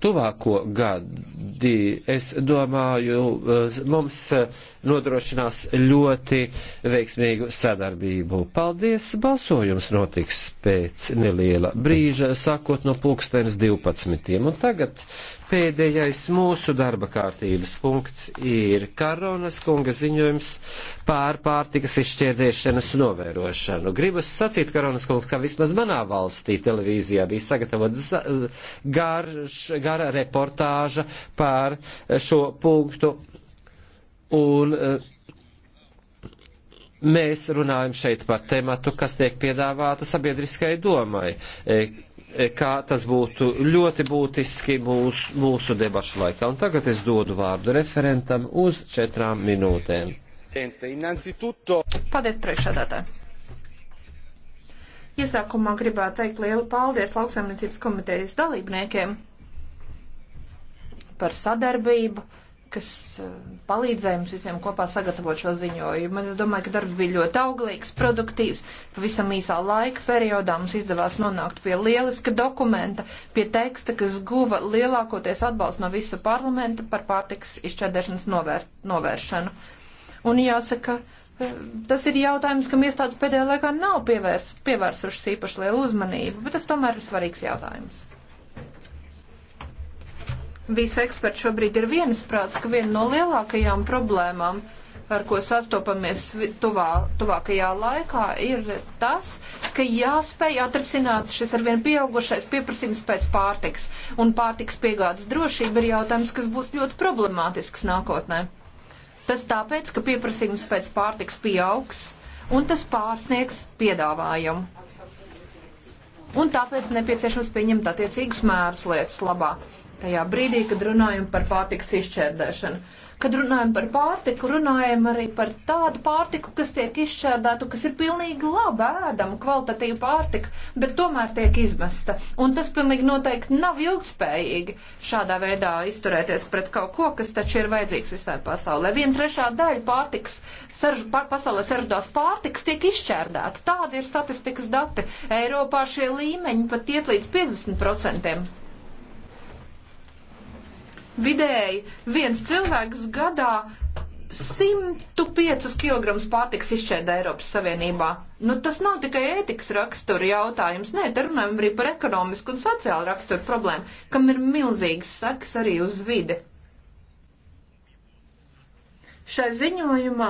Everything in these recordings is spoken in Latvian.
tuvāko gadu studija, es domāju, eh, mums eh, nodrošinās ļoti veiksmīgu sadarbību. Paldies! Balsojums notiks pēc neliela brīža, sākot no pulkstenes 12. Un tagad pēdējais mūsu darba kārtības punkts ir Karonas kunga ziņojums pār pārtikas izšķērdēšanas novērošanu. Gribu sacīt, Karonas kungs, ka vismaz manā valstī televīzijā bija sagatavots gara reportāža par pār eh, šo punktu. Un, eh, Mēs runājam šeit par tematu, kas tiek piedāvāta sabiedriskai domai, eh, kā tas būtu ļoti būtiski mūsu, mūsu debašu laikā. Un tagad es dodu vārdu referentam uz četrām minūtēm. Paldies, priekšsādātāji! Iesākumā gribētu teikt lielu paldies lauksaimniecības komitejas dalībniekiem par sadarbību, kas eh, palīdzēja mums visiem kopā sagatavot šo ziņojumu. Es domāju, ka darbs bija ļoti auglīgs, produktīvs. Pavisam īsā laika periodā mums izdevās nonākt pie lieliska dokumenta, pie teksta, kas guva lielākoties atbalstu no visa parlamenta par pārtiks izšķērdēšanas novēr novēršanu. Un jāsaka, eh, tas ir jautājums, kam iestādes pēdējā laikā nav pievērs, pievērsušas īpaši lielu uzmanību, bet tas tomēr ir svarīgs jautājums. Visi eksperti šobrīd ir viensprāts, ka viena no lielākajām problēmām ar ko sastopamies tuvā, tuvākajā laikā, ir tas, ka jāspēj atrisināt šis arvien pieaugušais pieprasījums pēc pārtiks. Un pārtiks piegādes drošība ir jautājums, kas būs ļoti problemātisks nākotnē. Tas tāpēc, ka pieprasījums pēc pārtiks pieaugs un tas pārsniegs piedāvājumu un tāpēc nepieciešams pieņemt attiecīgus mērus lietas labā tajā brīdī, kad runājam par pārtikas izšķērdēšanu. Kad runājam par pārtiku, runājam arī par tādu pārtiku, kas tiek izšķērdēta, kas ir pilnīgi laba ēdama, kvalitatīva pārtika, bet tomēr tiek izmesta. Un tas pilnīgi noteikti nav ilgspējīgi šādā veidā izturēties pret kaut ko, kas taču ir vajadzīgs visai pasaulē. Viena trešā daļa pārtikas, sarž, pār, pasaulē saržģītās pārtikas tiek izšķērdēta. Tādi ir statistikas dati. Eiropā šie līmeņi pat iet līdz 50%. Vidēji viens cilvēks gadā 105 kg pārtiks izšķēda Eiropas Savienībā. Nu, tas nav tikai ētikas rakstura jautājums, nē, te runājam arī par ekonomisku un sociālu raksturu problēmu, kam ir milzīgas sekas arī uz vidi. Šai ziņojumā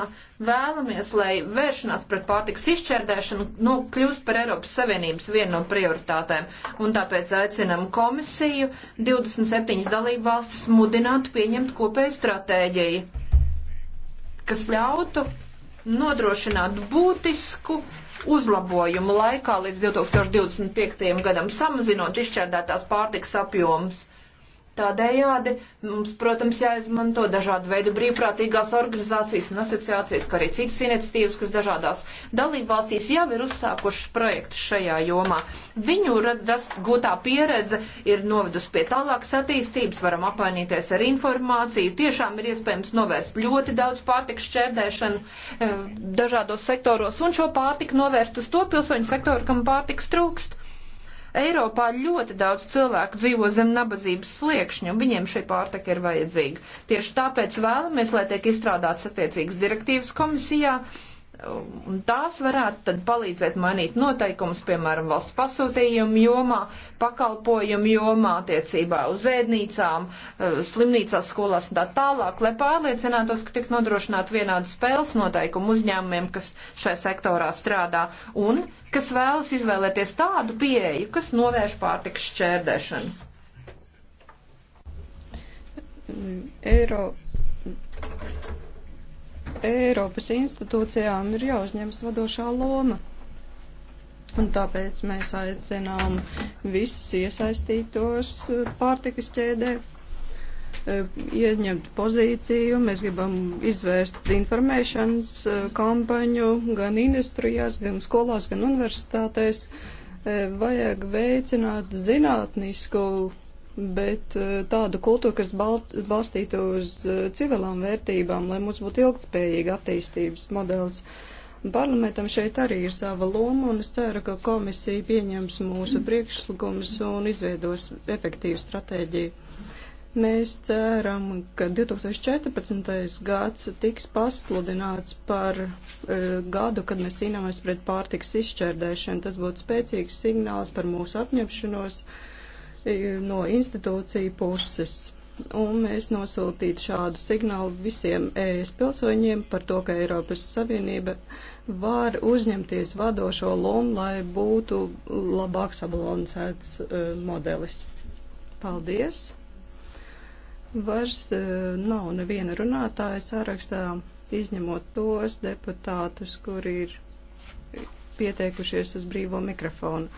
vēlamies, lai vēršanās pret pārtiks izšķērdēšanu nu, kļūst par Eiropas Savienības vienu no prioritātēm, un tāpēc aicinam komisiju 27 dalību valstis mudināt pieņemt kopēju stratēģiju, kas ļautu nodrošināt būtisku uzlabojumu laikā līdz 2025. gadam, samazinot izšķērdētās pārtiks apjomus Tādējādi mums, protams, jāizmanto dažādu veidu brīvprātīgās organizācijas un asociācijas, kā arī citas iniciatīvas, kas dažādās dalībvalstīs jau ir uzsākušas projektus šajā jomā. Viņu radas gūtā pieredze ir novedusi pie tālākas attīstības, varam apmainīties ar informāciju, tiešām ir iespējams novērst ļoti daudz pārtiks šķērdēšanu eh, dažādos sektoros un šo pārtiku novērst uz to pilsoņu sektoru, kam pārtiks trūkst. Eiropā ļoti daudz cilvēku dzīvo zem nabadzības sliekšņa, un viņiem šī pārtika ir vajadzīga. Tieši tāpēc vēlamies, lai tiek izstrādāts attiecīgas direktīvas komisijā, Un tās varētu tad palīdzēt mainīt noteikumus, piemēram, valsts pasūtījumu jomā, pakalpojumu jomā, attiecībā uz ēdnīcām, eh, slimnīcās, skolās un tā tālāk, lai pārliecinātos, ka tik nodrošināt vienādu spēles noteikumu uzņēmumiem, kas šai sektorā strādā un kas vēlas izvēlēties tādu pieeju, kas novērš pārtiks šķērdēšanu. Eiro Eiropas institūcijām ir jāuzņemas vadošā loma. Un tāpēc mēs aicinām visus iesaistītos pārtikas ķēdē e, ieņemt pozīciju. Mēs gribam izvērst informēšanas e, kampaņu gan industrijās, gan skolās, gan universitātēs. E, vajag veicināt zinātnisku bet eh, tādu kultūru, kas balstītu uz eh, civilām vērtībām, lai mums būtu ilgspējīga attīstības modelis. Parlamentam šeit arī ir sava loma, un es ceru, ka komisija pieņems mūsu priekšlikumus un izveidos efektīvu stratēģiju. Mēs ceram, ka 2014. gads tiks pasludināts par e, gadu, kad mēs cīnāmies pret pārtiks izšķērdēšanu. Tas būtu spēcīgs signāls par mūsu apņemšanos. E, no institūciju puses. Un mēs nosūtītu šādu signālu visiem ES pilsoņiem par to, ka Eiropas Savienība var uzņemties vadošo lomu, lai būtu labāk sabalansēts eh, modelis. Paldies! Vairs eh, nav neviena runātāja sarakstā, izņemot tos deputātus, kuri ir pieteikušies uz brīvo mikrofonu.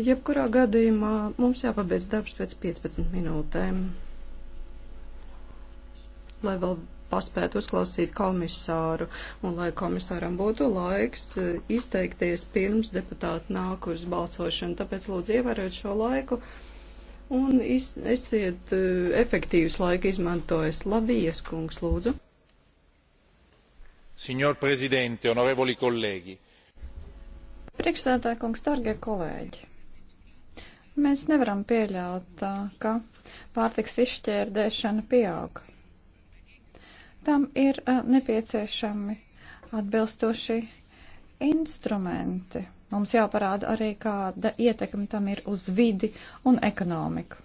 Jebkurā gadījumā mums jāpabeidz darbs pēc 15 minūtēm, lai vēl paspētu uzklausīt komisāru un lai komisāram būtu laiks e, izteikties pirms deputāti nāk uz balsošanu. Tāpēc lūdzu ievērot šo laiku un iz, esiet e, efektīvs laika izmantojis. Labijas kungs, lūdzu. Signor Presidente, onorevoli kolēģi. Priekšsēdētāji kungs, dargie kolēģi. Mēs nevaram pieļaut, ka pārtiks izšķērdēšana pieaug. Tam ir nepieciešami atbilstoši instrumenti. Mums jāparāda arī, kāda ietekme tam ir uz vidi un ekonomiku.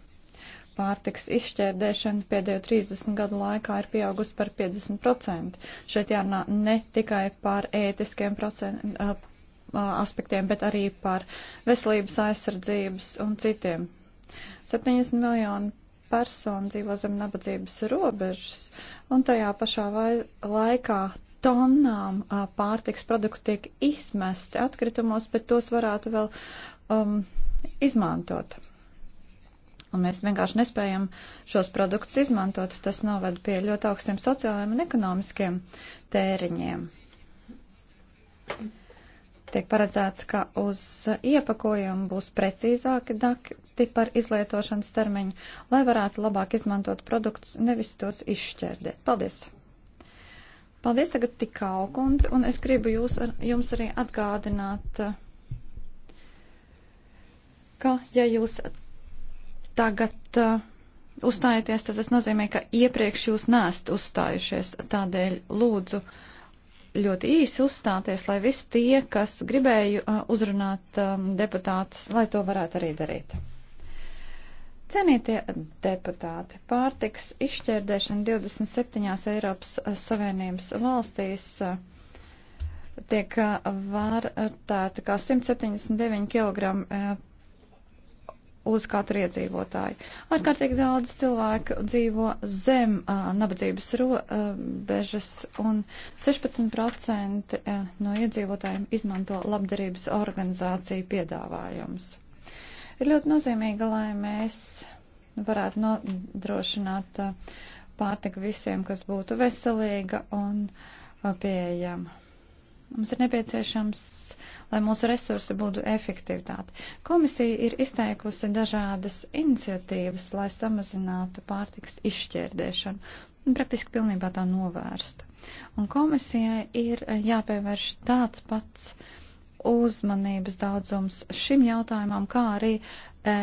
Pārtiks izšķērdēšana pēdējo 30 gadu laikā ir pieaugusi par 50%. Šeit jārunā ne tikai par ētiskiem aspektiem, bet arī par veselības aizsardzības un citiem. 70 miljoni personu dzīvo zem nabadzības robežas, un tajā pašā vai, laikā tonām pārtiks produktu tiek izmesti atkritumos, bet tos varētu vēl um, izmantot. Un mēs vienkārši nespējam šos produktus izmantot. Tas noved pie ļoti augstiem sociālajiem un ekonomiskiem tēriņiem. Tiek paredzēts, ka uz iepakojumu būs precīzāki dati par izlietošanas termiņu, lai varētu labāk izmantot produktus, nevis tos izšķērdēt. Paldies! Paldies tagad tikau, kundze, un es gribu jūs, ar, jums arī atgādināt, ka ja jūs tagad uh, uzstājieties, tad tas nozīmē, ka iepriekš jūs nēst uzstājušies, tādēļ lūdzu. Uh, ļoti īsi uzstāties, lai visi tie, kas gribēju uh, uzrunāt um, deputātus, lai to varētu arī darīt. Cenītie deputāti, pārtiks izšķērdēšana 27 Eiropas uh, Savienības valstīs uh, tiek vērtēta kā 179 kg uz katru iedzīvotāju. Ārkārtīgi daudz cilvēku dzīvo zem uh, nabadzības robežas, un 16% no iedzīvotājiem izmanto labdarības organizāciju piedāvājumus. Ir ļoti nozīmīgi, lai mēs varētu nodrošināt uh, pārtiku visiem, kas būtu veselīga un pieejama. Mums ir nepieciešams uh, lai mūsu resursi būtu efektivitāti. Komisija ir izteikusi dažādas iniciatīvas, lai samazinātu pārtiks izšķērdēšanu, un praktiski pilnībā tā novērsta. Un komisijai ir jāpievērš tāds pats uzmanības daudzums šim jautājumam, kā arī e,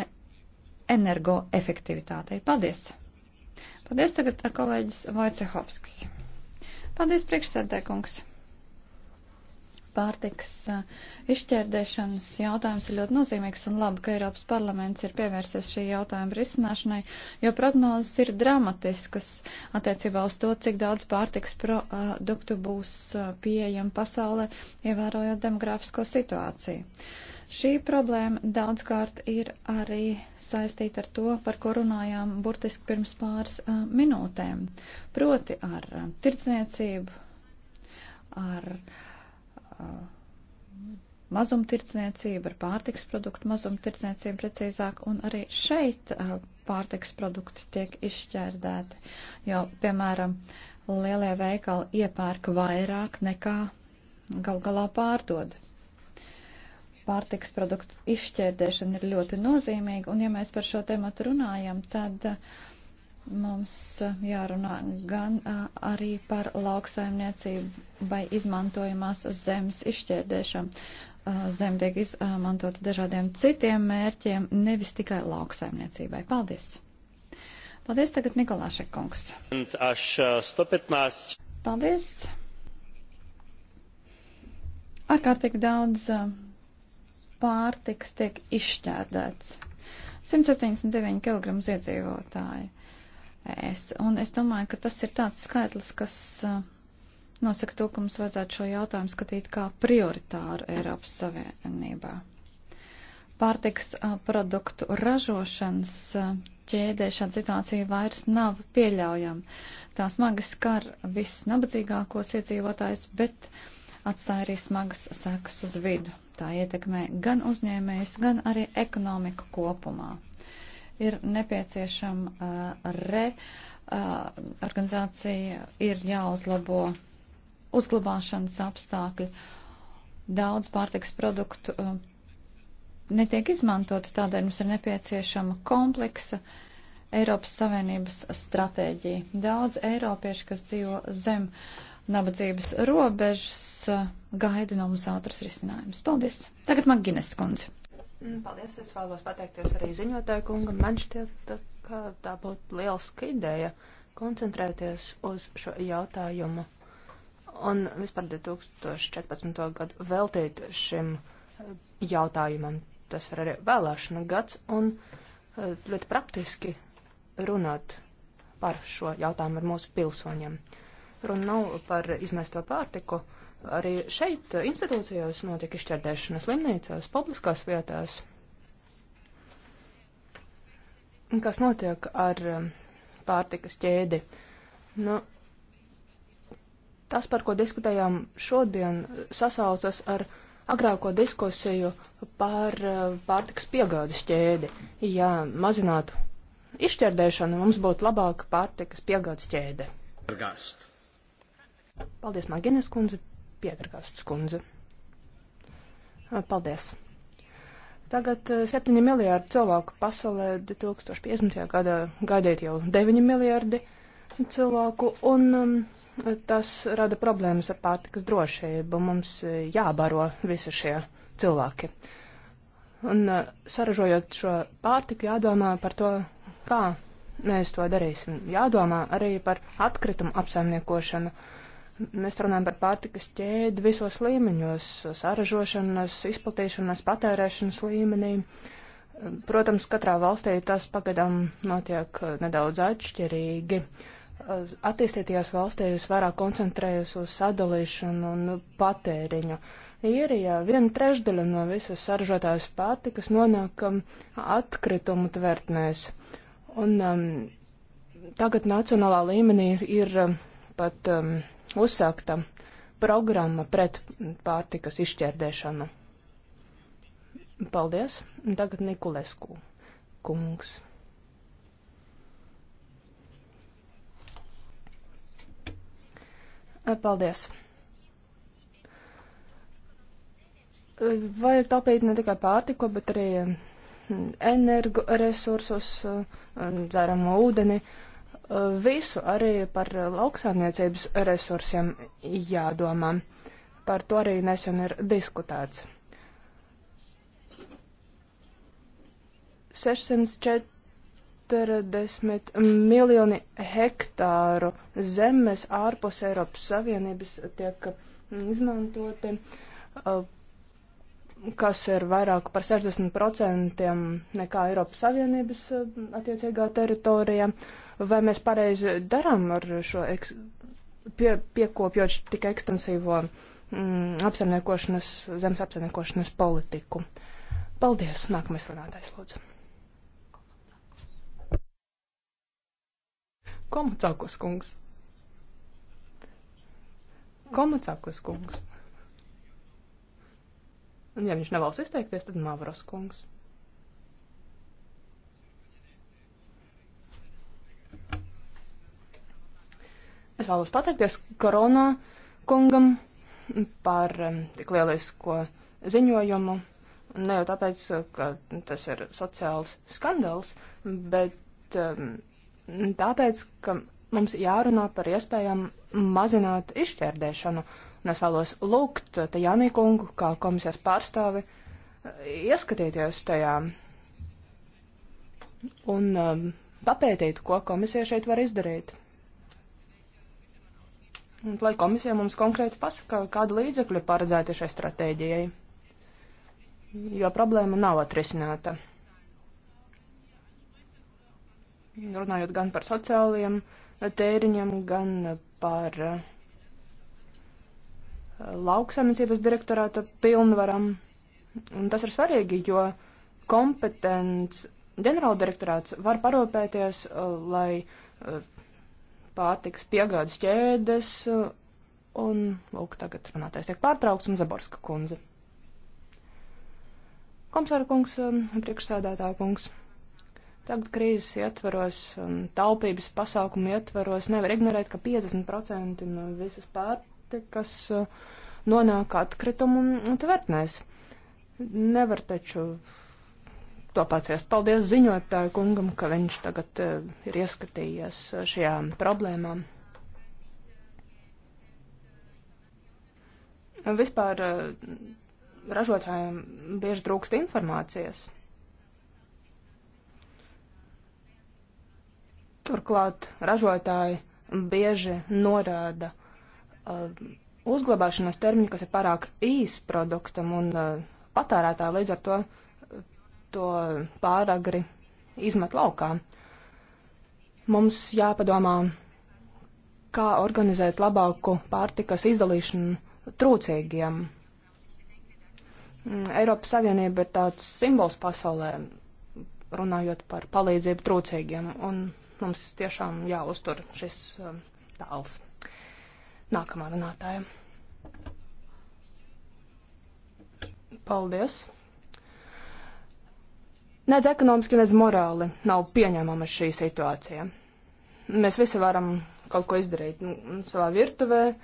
energoefektivitātei. Paldies! Paldies tagad kolēģis Vojcehovskis. Paldies priekšsēdētājkungs! pārtiks izšķērdēšanas jautājums ir ļoti nozīmīgs un labi, ka Eiropas parlaments ir pievērsies šī jautājuma risināšanai, jo prognozes ir dramatiskas attiecībā uz to, cik daudz pārtiks produktu būs pieejama pasaulē, ievērojot demografisko situāciju. Šī problēma daudzkārt ir arī saistīta ar to, par ko runājām burtiski pirms pāris uh, minūtēm, proti ar uh, tirdzniecību, ar uh, mazumtirdzniecību, ar pārtiks produktu mazumtirdzniecību precīzāk, un arī šeit pārtiks produkti tiek izšķērdēti, jo, piemēram, lielie veikali iepērka vairāk nekā gal galā pārdod. Pārtiks produktu izšķērdēšana ir ļoti nozīmīga, un ja mēs par šo tematu runājam, tad uh, Mums eh, jārunā gan eh, arī par lauksaimniecību vai izmantojamās zemes izšķērdēšanu. Eh, Zem tiek izmantota dažādiem citiem mērķiem, nevis tikai lauksaimniecībai. Paldies! Paldies tagad Nikolāšek kungs. Paldies! ārkārtīgi daudz pārtiks tiek izšķērdēts. 179 kg iedzīvotāji es. Un es domāju, ka tas ir tāds skaitlis, kas uh, nosaka to, ka mums vajadzētu šo jautājumu skatīt kā prioritāru Eiropas Savienībā. Pārtiks uh, produktu ražošanas uh, ķēdē šāda situācija vairs nav pieļaujama. Tā smagi skar visnabadzīgākos iedzīvotājus, bet atstāja arī smagas sekas uz vidu. Tā ietekmē gan uzņēmējus, gan arī ekonomiku kopumā ir nepieciešama uh, re, uh, organizācija ir jāuzlabo uzglabāšanas apstākļi. Daudz pārtiks produktu uh, netiek izmantot, tādēļ mums ir nepieciešama kompleksa Eiropas Savienības stratēģija. Daudz eiropiešu, kas dzīvo zem nabadzības robežas, gaida no mums ātras risinājums. Paldies! Tagad man Gines kundze. Mm, paldies, es vēlos pateikties arī ziņotāju kungam. Man šķiet, ka tā būtu lielska ideja koncentrēties uz šo jautājumu un vispār 2014. gadu veltīt šim jautājumam. Tas ir arī vēlēšana gads un eh, ļoti praktiski runāt par šo jautājumu ar mūsu pilsoņiem. Runa nav par izmesto pārtiku. Uh, Arī šeit eh, institūcijās notiek izšķērdēšana slimnīcās, publiskās vietās. Kas notiek ar eh, pārtikas ķēdi? Nu, tas, par ko diskutējām šodien, sasaucas ar agrāko diskusiju par eh, pārtikas piegādes ķēdi. Ja mazinātu izšķērdēšanu, mums būtu labāka pārtikas piegādes ķēde. Gast. Paldies, Maginis kundze. Pietrakasts kundze. Paldies. Tagad 7 miljārdi cilvēku pasaulē 2050. gadā gaidīt jau 9 miljārdi cilvēku, un um, tas rada problēmas ar pārtikas drošību. Mums jābaro visi šie cilvēki. Un uh, saražojot šo pārtiku, jādomā par to, kā mēs to darīsim. Jādomā arī par atkritumu apsaimniekošanu. Uh, Mēs runājam par pārtikas ķēdi visos līmeņos - saražošanas, izplatīšanas, patērēšanas līmenī. Protams, katrā valstī tas pagadam notiek nedaudz atšķirīgi. Attīstītajās valstīs vairāk koncentrējas uz sadalīšanu un patēriņu. Īrijā viena trešdaļa no visas saražotās pārtikas nonāk um, atkritumu tvertnēs. Un um, tagad nacionālā līmenī ir, ir um, pat um, uzsākta programma pret pārtikas izšķērdēšanu. Paldies. Tagad Nikolesku kungs. Paldies. Vajag taupīt ne tikai pārtiku, bet arī um, energoresursus, uh, dzeramo ūdeni. Uh, visu, arī par lauksaimniecības resursiem jādomā. Par to arī nesen ir diskutēts. 640 miljoni hektāru zemes ārpus Eiropas Savienības tiek izmantoti kas ir vairāk par 60% nekā Eiropas Savienības eh, attiecīgā teritorija. Vai mēs pareizi darām ar šo eks, pie, piekopjot tik ekstensīvo mm, apsaimniekošanas, zemes apsaimniekošanas politiku? Paldies! Nākamais runātājs, lūdzu. Komucākos kungs. Komucākos kungs. Un ja viņš nevēlas izteikties, tad Mavros kungs. Es vēlos pateikties Korona kungam par um, tik lielisko ziņojumu. Ne jau tāpēc, ka tas ir sociāls skandāls, bet um, tāpēc, ka mums jārunā par iespējām mazināt izšķērdēšanu Un es vēlos lūgt eh, te Janīkungu, kā komisijas pārstāvi, eh, ieskatīties tajā un um, papētīt, ko komisija šeit var izdarīt. Un, lai komisija mums konkrēti pasaka, kāda līdzekļa paredzēta šai stratēģijai, jo problēma nav atrisināta. Runājot gan par sociālajiem tēriņiem, gan par uh, lauksaimniecības direktorāta pilnvaram. Un tas ir svarīgi, jo kompetents ģenerāldirektorāts var paropēties, uh, lai uh, pārtiks piegādes ķēdes, uh, un, lūk, tagad runātais tiek pārtraukts un Zaborska kundze. Komisāra kungs, um, priekšsēdētā kungs. Tagad krīzes ietvaros, um, taupības pasākumu ietvaros nevar ignorēt, ka 50% no visas pārtikas produkti, kas eh, nonāk atkritumu tvertnēs. Nevar taču to paciest. Paldies ziņotāju kungam, ka viņš tagad eh, ir ieskatījies eh, šajām problēmām. Vispār ražotājiem bieži trūkst informācijas. Turklāt ražotāji bieži norāda Uh, uzglabāšanas termiņi, kas ir pārāk īs produktam un uh, patērētā līdz ar to to pāragri izmet laukā. Mums jāpadomā, kā organizēt labāku pārtikas izdalīšanu trūcīgiem. Mm, Eiropas Savienība ir tāds simbols pasaulē, runājot par palīdzību trūcīgiem, un mums tiešām jāuztur šis tāls. Uh, Nākamā runātāja. Paldies. Nec ekonomiski, nec morāli nav pieņemama šī situācija. Mēs visi varam kaut ko izdarīt nu, savā virtuvē, eh,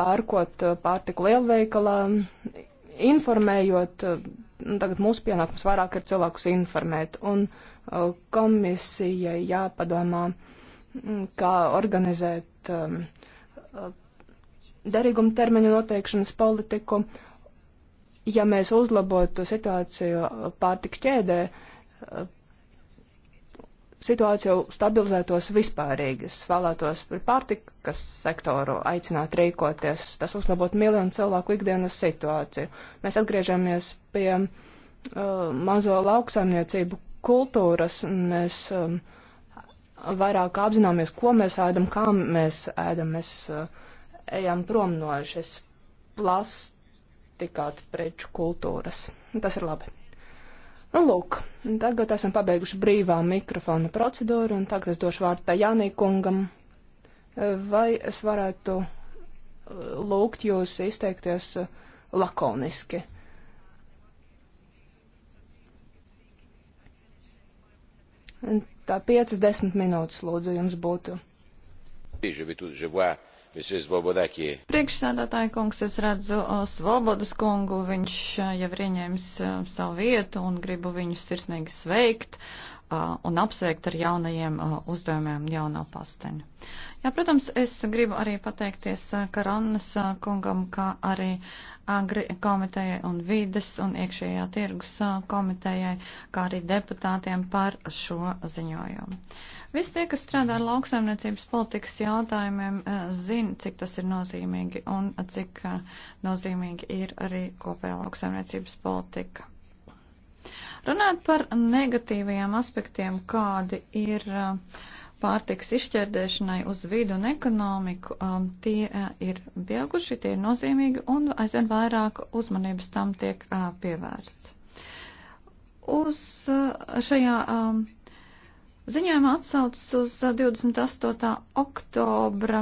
pērkot eh, pārtiku lielveikalā, informējot. Eh, nu, tagad mūsu pienākums vairāk ir cilvēkus informēt, un komisijai jāpadomā, mm, kā organizēt um, Uh, derīguma termiņu noteikšanas politiku. Ja mēs uzlabotu situāciju pārtiks ķēdē, uh, situācija stabilizētos vispārīgi. Es vēlētos par pārtikas sektoru aicināt rīkoties. Tas uzlabot miljonu cilvēku ikdienas situāciju. Mēs atgriežamies pie uh, mazo lauksaimniecību kultūras. Mēs um, uh, vairāk apzināmies, ko mēs ēdam, kā mēs ēdam. Mēs eh, ejam prom no šīs plastikāta preču kultūras. Tas ir labi. Nu, lūk, tagad esam pabeiguši brīvā mikrofona procedūru, un tagad es došu vārdu Jānī kungam. Vai es varētu eh, lūgt jūs izteikties eh, lakoniski? tā 50 minūtes lūdzu jums būtu. Je vais tout, je vois Priekšsēdētāja kungs, es redzu Svobodas kungu, viņš jau ir ieņēmis savu vietu un gribu viņu sirsnīgi sveikt un apsveikt ar jaunajiem uzdevumiem jaunā pasteņa. Jā, protams, es gribu arī pateikties Karannas kungam, kā arī Agri komitejai un vides un iekšējā tirgus komitejai, kā arī deputātiem par šo ziņojumu. Visi tie, kas strādā ar lauksaimniecības politikas jautājumiem, eh, zina, cik tas ir nozīmīgi un eh, cik eh, nozīmīgi ir arī kopējā lauksaimniecības politika. Runāt par negatīvajiem aspektiem, kādi ir pārtiks izšķērdēšanai uz vidu un ekonomiku, tie ir pieauguši, tie ir nozīmīgi un aizvien vairāk uzmanības tam tiek pievērsts. Uz šajā Ziņojumā atsaucas uz 28. Uh, oktobra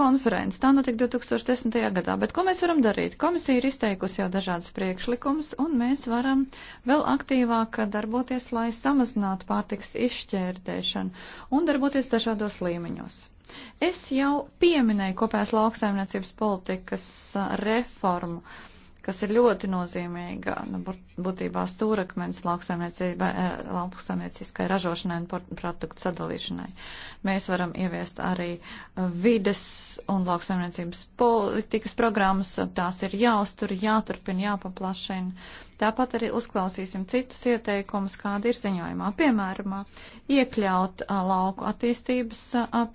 konferenci. Tā notika 2010. gadā. Bet ko mēs varam darīt? Komisija ir izteikusi jau dažādas priekšlikumus, un mēs varam vēl aktīvāk darboties, lai samazinātu pārtiks izšķērdēšanu un darboties dažādos līmeņos. Es jau pieminēju kopējās lauksaimniecības politikas uh, reformu. Uh, kas ir ļoti nozīmīga, nu, būtībā stūrakmens eh, lauksaimnieciskai ražošanai un produktu sadalīšanai. Mēs varam ieviest arī eh, vides un lauksaimniecības politikas programmas, tās ir jāuztur, jāturpina, jāpaplašina. Tāpat arī uzklausīsim citus ieteikumus, kāda ir ziņojumā. Piemēram, iekļaut eh, lauku attīstības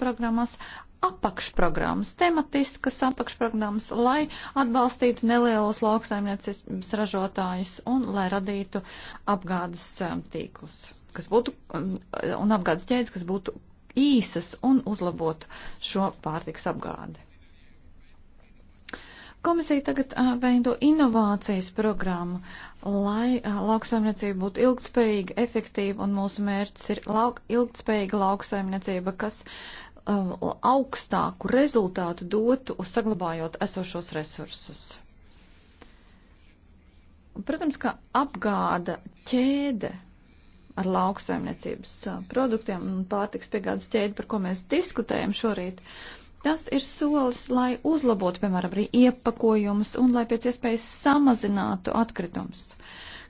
programmas apakšprogrammas, tematiskas apakšprogrammas, lai atbalstītu nelielos lauksaimniecības ražotājus un lai radītu apgādes um, tīklus, kas būtu, um, un apgādes ķēdes, kas būtu īsas un uzlabotu šo pārtiks apgādi. Komisija tagad uh, veido inovācijas programmu, lai uh, lauksaimniecība būtu ilgtspējīga, efektīva, un mūsu mērķis ir lauk, ilgtspējīga lauksaimniecība, kas uh, Um, augstāku rezultātu dotu, saglabājot esošos resursus. Protams, ka apgāda ķēde ar lauksaimniecības uh, produktiem un pārtiks piegādes ķēdi, par ko mēs diskutējam šorīt, tas ir solis, lai uzlabotu, piemēram, arī iepakojumus un lai pēc iespējas samazinātu atkritumus.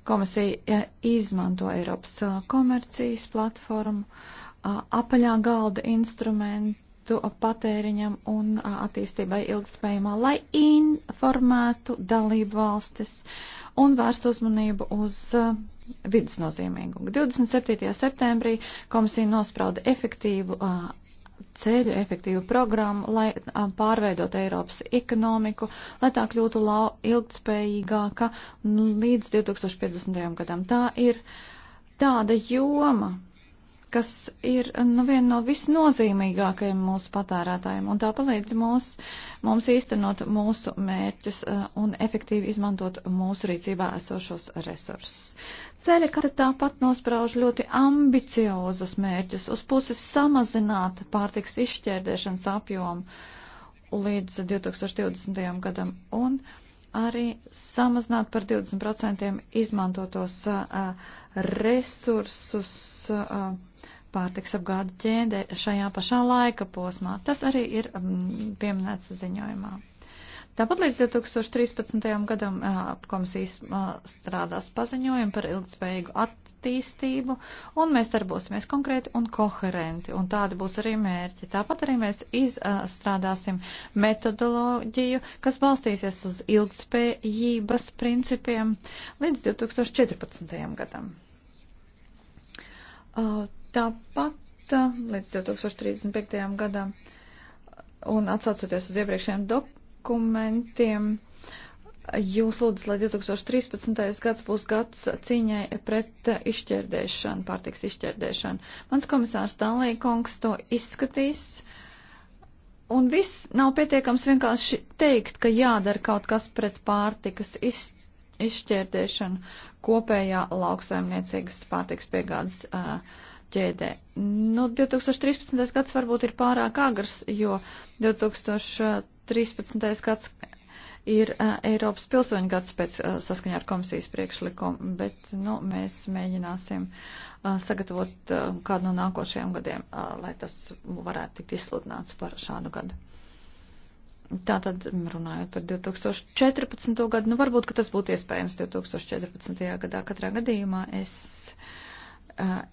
Komisija uh, izmanto Eiropas uh, komercijas platformu apaļā galda instrumentu patēriņam un attīstībai ilgspējumā, lai informētu dalību valstis un vērst uzmanību uz vidas nozīmīgumu. 27. septembrī komisija nosprauda efektīvu ceļu, efektīvu programmu, lai pārveidot Eiropas ekonomiku, lai tā kļūtu lau, ilgtspējīgāka līdz 2050. gadam. Tā ir tāda joma, kas ir nu, viena no visnozīmīgākajiem mūsu patērētājiem, un tā palīdz mūs, mums īstenot mūsu mērķus eh, un efektīvi izmantot mūsu rīcībā esošos resursus. Ceļa karte tāpat nosprauž ļoti ambiciozus mērķus, uz puses samazināt pārtiks izšķērdēšanas apjomu līdz 2020. gadam un arī samazināt par 20% izmantotos uh, resursus. Uh, pārtiks apgādi ķēdē šajā pašā laika posmā. Tas arī ir um, pieminēts ziņojumā. Tāpat līdz 2013. gadam komisijas strādās paziņojumu par ilgspējīgu attīstību, un mēs darbosimies konkrēti un koherenti, un tādi būs arī mērķi. Tāpat arī mēs izstrādāsim metodoloģiju, kas balstīsies uz ilgspējības principiem līdz 2014. gadam. Uh, Tāpat uh, līdz 2035. gadam un atsaucoties uz iepriekšējiem dokumentiem, jūs lūdzat, lai 2013. gads būs gads cīņai pret uh, izšķērdēšanu, pārtiks izšķērdēšanu. Mans komisārs Tālija Kongs to izskatīs. Un viss nav pietiekams vienkārši teikt, ka jādara kaut kas pret pārtikas iz, izšķērdēšanu kopējā lauksaimniecīgas pārtiks piegādes. Uh, ķēdē. Nu, 2013. gads varbūt ir pārāk agrs, jo 2013. gads ir uh, Eiropas pilsoņu gads pēc uh, saskaņā ar komisijas priekšlikumu, bet nu, mēs mēģināsim uh, sagatavot uh, kādu no nākošajiem gadiem, uh, lai tas varētu tikt izsludināts par šādu gadu. Tātad, runājot par 2014. gadu, nu varbūt, ka tas būtu iespējams 2014. gadā. Katrā gadījumā es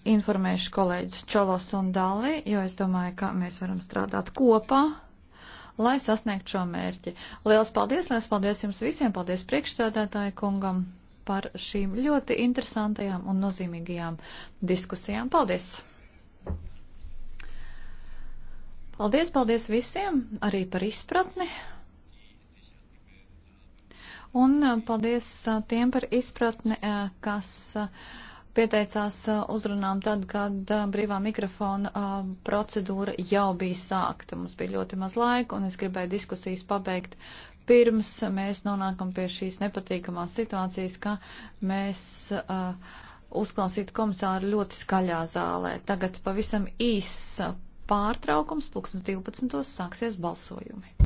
informēšu kolēģis Čolos un Dali, jo es domāju, ka mēs varam strādāt kopā, lai sasniegtu šo mērķi. Lielas paldies, liels paldies jums visiem, paldies priekšsēdētāju kungam par šīm ļoti interesantajām un nozīmīgajām diskusijām. Paldies! Paldies, paldies visiem, arī par izpratni. Un paldies tiem par izpratni, kas. Uh, pieteicās uzrunām tad, kad brīvā mikrofona procedūra jau bija sākta. Mums bija ļoti maz laika, un es gribēju diskusijas pabeigt pirms mēs nonākam pie šīs nepatīkamās situācijas, ka mēs uzklausītu komisāru ļoti skaļā zālē. Tagad pavisam īs pārtraukums, pulkstens 12. sāksies balsojumi.